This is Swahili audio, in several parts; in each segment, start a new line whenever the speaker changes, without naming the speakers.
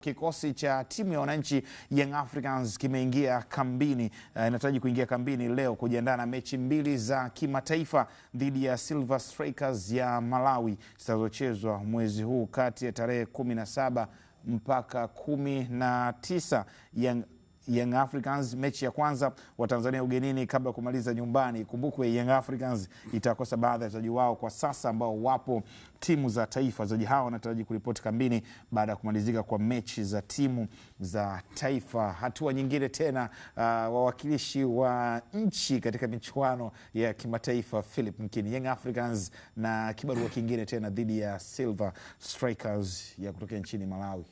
Kikosi cha timu ya wananchi Young Africans kimeingia kambini, eh, inataraji kuingia kambini leo kujiandaa na mechi mbili za kimataifa dhidi ya Silver Strikers ya Malawi zitazochezwa mwezi huu kati ya tarehe kumi na saba mpaka kumi na tisa Young Young Africans mechi ya kwanza wa Tanzania ugenini kabla ya kumaliza nyumbani. kumbukwe Young Africans itakosa baadhi ya wachezaji wao kwa sasa ambao wapo timu za taifa. Wachezaji hao wanataraji kuripoti kambini baada ya kumalizika kwa mechi za timu za taifa. Hatua nyingine tena, uh, wawakilishi wa nchi katika michuano ya kimataifa Philip Mkini, Young Africans na kibarua kingine tena dhidi ya Silver Strikers ya kutokea nchini Malawi.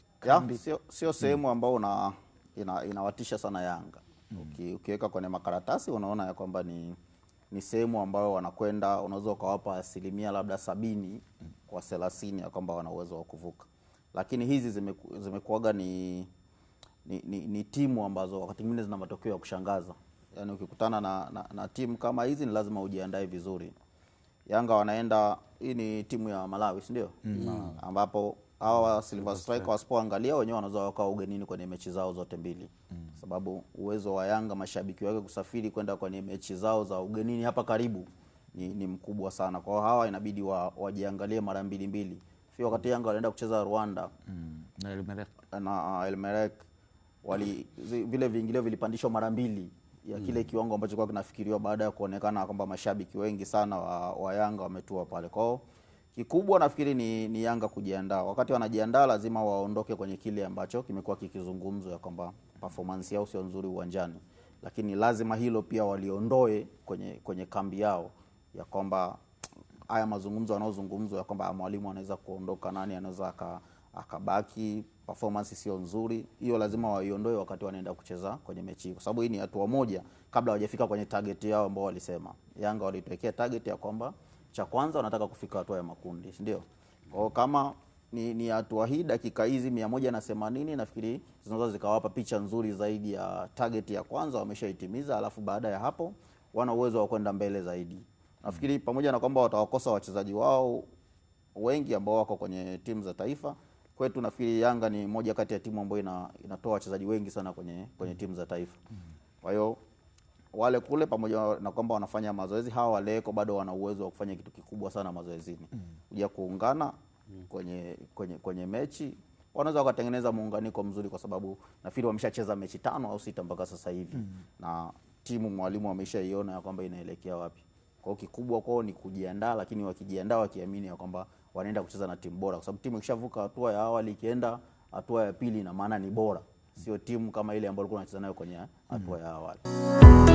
Sio sehemu hmm. ambao una ina, inawatisha sana Yanga mm. Uki, ukiweka kwenye makaratasi unaona ya kwamba ni ni sehemu ambayo wanakwenda, unaweza ukawapa asilimia labda sabini hmm. kwa thelathini ya kwamba wana uwezo wa kuvuka, lakini hizi zimeku, ni ni, ni ni timu ambazo wakati mwingine zina matokeo ya kushangaza. Yani ukikutana na, na, na timu kama hizi ni lazima ujiandae vizuri. Yanga wanaenda, hii ni timu ya Malawi si ndio? mm. ambapo hawa Silver Strikers wasipoangalia wenyewe wanaweza wakawa ugenini kwenye mechi zao zote mbili mm. Sababu uwezo wa Yanga mashabiki wake kusafiri kwenda kwenye mechi zao za ugenini hapa karibu ni, ni mkubwa sana kwao, hawa inabidi wa, wajiangalie mara mbili mbili fia wakati mm. Yanga walienda kucheza Rwanda mm. na Elmerek, ah, wali zi, vile viingilio vilipandishwa mara mbili ya mm. kile mm. kiwango ambacho kwa kinafikiriwa baada ya kuonekana kwamba mashabiki wengi sana wa, wa Yanga wametua pale kwao Kikubwa nafikiri ni, ni Yanga kujiandaa. Wakati wanajiandaa lazima waondoke kwenye kile ambacho kimekuwa kikizungumzwa ya kwamba performance yao sio nzuri uwanjani, lakini lazima hilo pia waliondoe kwenye, kwenye kambi yao ya kwamba haya mazungumzo yanayozungumzwa ya kwamba mwalimu anaweza kuondoka, nani anaweza akabaki, performance sio nzuri, hiyo lazima waiondoe wakati wanaenda kucheza kwenye mechi kwa sababu hii ni hatua moja kabla hawajafika kwenye target yao ambao walisema. Yanga walituwekea target ya kwamba cha kwanza wanataka kufika hatua ya makundi, sindio ndio? Kwa kama ni, ni hatua hii dakika hizi mia moja na themanini nafikiri zinaweza zikawapa picha nzuri zaidi ya target ya kwanza wameshaitimiza, alafu baada ya hapo wana uwezo wa kwenda mbele zaidi. Nafikiri pamoja na kwamba watawakosa wachezaji wao wengi ambao wako kwenye timu za taifa, kwetu nafikiri Yanga ni moja kati ya timu ambayo ina, inatoa wachezaji wengi sana kwenye, kwenye timu za taifa. Kwa hiyo wale kule pamoja na kwamba wanafanya mazoezi, hawa waleko bado wana uwezo wa kufanya kitu kikubwa sana mazoezini mm. mm. kuungana mm. kwenye, kwenye, kwenye mechi wanaweza wakatengeneza muunganiko mzuri, kwa sababu nafikiri wameshacheza mechi tano au sita mpaka sasa hivi mm. na timu mwalimu ameshaiona ya kwamba inaelekea wapi. Kwa hiyo kikubwa kwao ni kujiandaa, lakini wakijiandaa wakiamini ya kwamba wanaenda kucheza na timu bora, kwa sababu timu ikishavuka hatua ya awali ikienda hatua ya pili, ina maana ni bora, mm. sio timu kama ile ambayo walikuwa wanacheza nayo kwenye hatua mm. ya awali. mm.